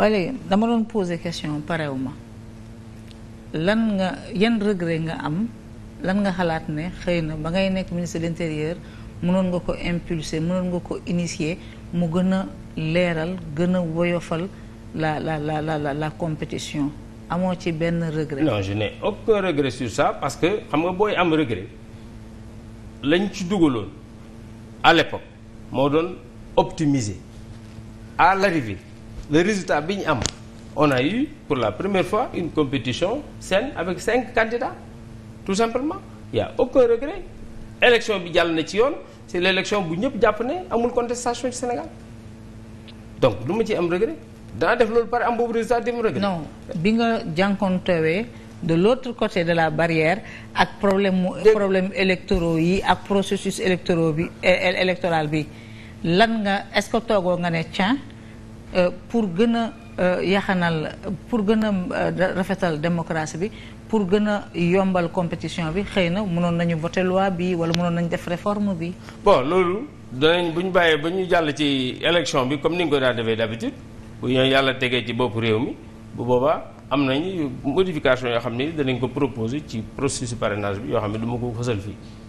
waaye léegi dama doon poser question parewu ma lan nga yan regret nga am lan nga xalaat ne xëy na ba ngay nekk ministre de l'intérieur mënoon nga ko impulser mënoon nga ko initier mu gën a leeral gën a woyofal la la la la la compétition amoo ci benn regret. non je n'ai aucun regret sur ça parce que xam nga booy am regret lañ ci dugaloon à l'époque moo doon optimiser à l'arrivée le résultat bi ñu am on a eu pour la première fois une compétition saine avec cinq candidats tout simplement il y a élection bi jàll na ci yoon c'est l'élection bu ñëpp jàpp ne amul contestation ci Sénégal donc lu ma ci am regret danaa def loolu pare am boobu résultat di mu regret non bi nga jànkontewee de l'autre côté de la barrière ak problème mu problème électro yi ak processus électro bi électoral bi lan nga est-ce que toogoo nga ne tiens Euh, pour gën a euh, yaxanal pour gën a euh, rafetal démocratie bi pour gën a yombal compétition bi xëy na munoon nañu voter loi bi wala mënoon nañu def réforme bi. bon loolu danañ bu ñu bàyyee ba ñu jàll ci élection bi comme ni ñu ko daa defee d'habitude bu ñu yàlla tegee ci bopp réew mi bu boobaa am nañu modification yoo xam ne danañ ko proposer ci processus parrainage bi yoo xam ne du ko fësal fii.